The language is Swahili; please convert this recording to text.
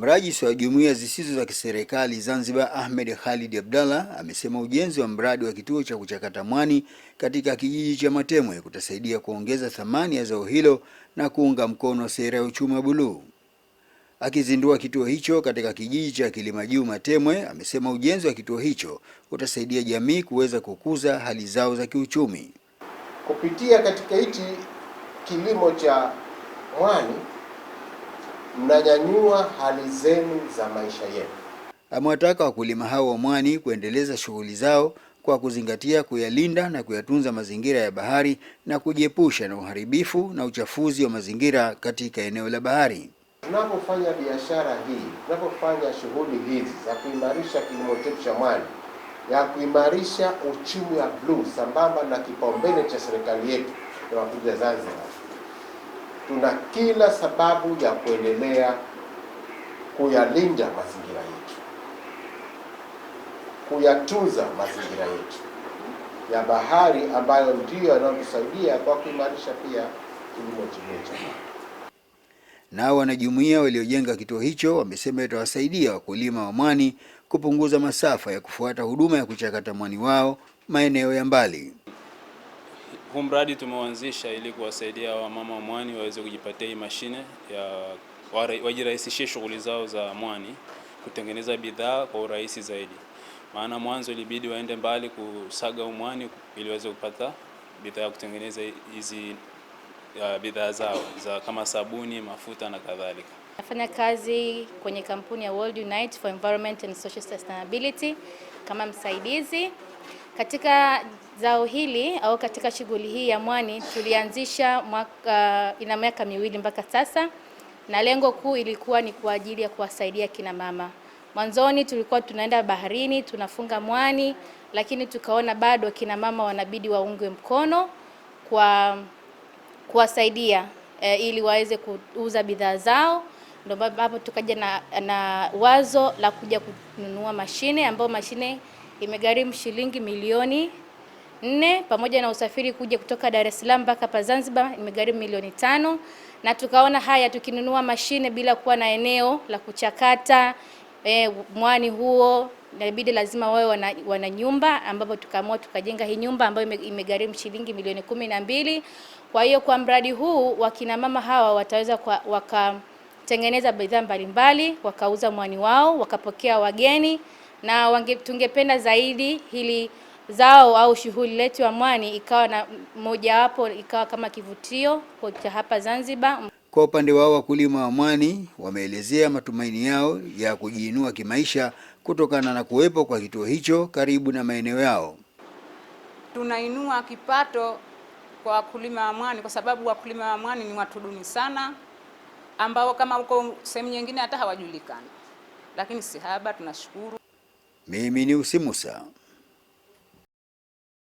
Mrajisi wa jumuiya zisizo za kiserikali Zanzibar, Ahmed Khalid Abdallah, amesema ujenzi wa mradi wa kituo cha kuchakata mwani katika kijiji cha Matemwe kutasaidia kuongeza thamani ya zao hilo na kuunga mkono sera ya uchumi wa buluu. Akizindua kituo hicho katika kijiji cha Kilimajuu Matemwe, amesema ujenzi wa kituo hicho utasaidia jamii kuweza kukuza hali zao za kiuchumi kupitia katika hichi kilimo cha mwani mnanyanyua hali zenu za maisha yenu. Amewataka wakulima hao wa mwani kuendeleza shughuli zao kwa kuzingatia kuyalinda na kuyatunza mazingira ya bahari na kujiepusha na uharibifu na uchafuzi wa mazingira katika eneo la bahari. Tunapofanya biashara hii, tunapofanya shughuli hizi za kuimarisha kilimo chetu cha mwani, ya kuimarisha uchumi wa bluu, sambamba na kipaumbele cha serikali yetu na wakuja Zanzibar tuna kila sababu ya kuendelea kuyalinda mazingira yetu, kuyatunza mazingira yetu ya bahari ambayo ndiyo yanayotusaidia kwa kuimarisha pia kilimo chenyewe. Nao wanajumuiya waliojenga kituo hicho wamesema itawasaidia wakulima wa mwani kupunguza masafa ya kufuata huduma ya kuchakata mwani wao maeneo ya mbali. Huu mradi tumeuanzisha ili kuwasaidia wamama wa mwani waweze kujipatia hii mashine ya wajirahisishie shughuli zao za mwani, kutengeneza bidhaa kwa urahisi zaidi, maana mwanzo ilibidi waende mbali kusaga umwani ili waweze kupata bidhaa ya kutengeneza hizi uh, bidhaa zao za kama sabuni, mafuta na kadhalika. Nafanya kazi kwenye kampuni ya World Unite for Environment and Social Sustainability kama msaidizi katika zao hili au katika shughuli hii ya mwani tulianzisha mwaka, ina miaka miwili mpaka sasa, na lengo kuu ilikuwa ni kwa ajili ya kuwasaidia kina mama. Mwanzoni tulikuwa tunaenda baharini tunafunga mwani, lakini tukaona bado kina mama wanabidi waungwe mkono kwa kuwasaidia e, ili waweze kuuza bidhaa zao. Ndio hapo tukaja na, na wazo la kuja kununua mashine ambayo mashine imegharimu shilingi milioni nne pamoja na usafiri kuja kutoka Dar es Salaam mpaka hapa Zanzibar imegharimu milioni tano na tukaona haya, tukinunua mashine bila kuwa na eneo la kuchakata e, mwani huo inabidi lazima wawe wana, wana nyumba ambapo tukaamua tukajenga hii nyumba ambayo imegharimu shilingi milioni kumi na mbili. Kwa hiyo kwa mradi huu wakinamama hawa wataweza wakatengeneza bidhaa mbalimbali, wakauza mwani wao, wakapokea wageni na wange, tungependa zaidi hili zao au shughuli letu ya mwani ikawa na mojawapo ikawa kama kivutio cha hapa Zanzibar. Kwa upande wao wakulima wa mwani wameelezea matumaini yao ya kujiinua kimaisha kutokana na kuwepo kwa kituo hicho karibu na maeneo yao. Tunainua kipato kwa wakulima wa mwani kwa sababu wakulima wa mwani ni watu duni sana, ambao kama huko sehemu nyingine hata hawajulikani, lakini si haba. Tunashukuru. Mimi ni Usi Musa.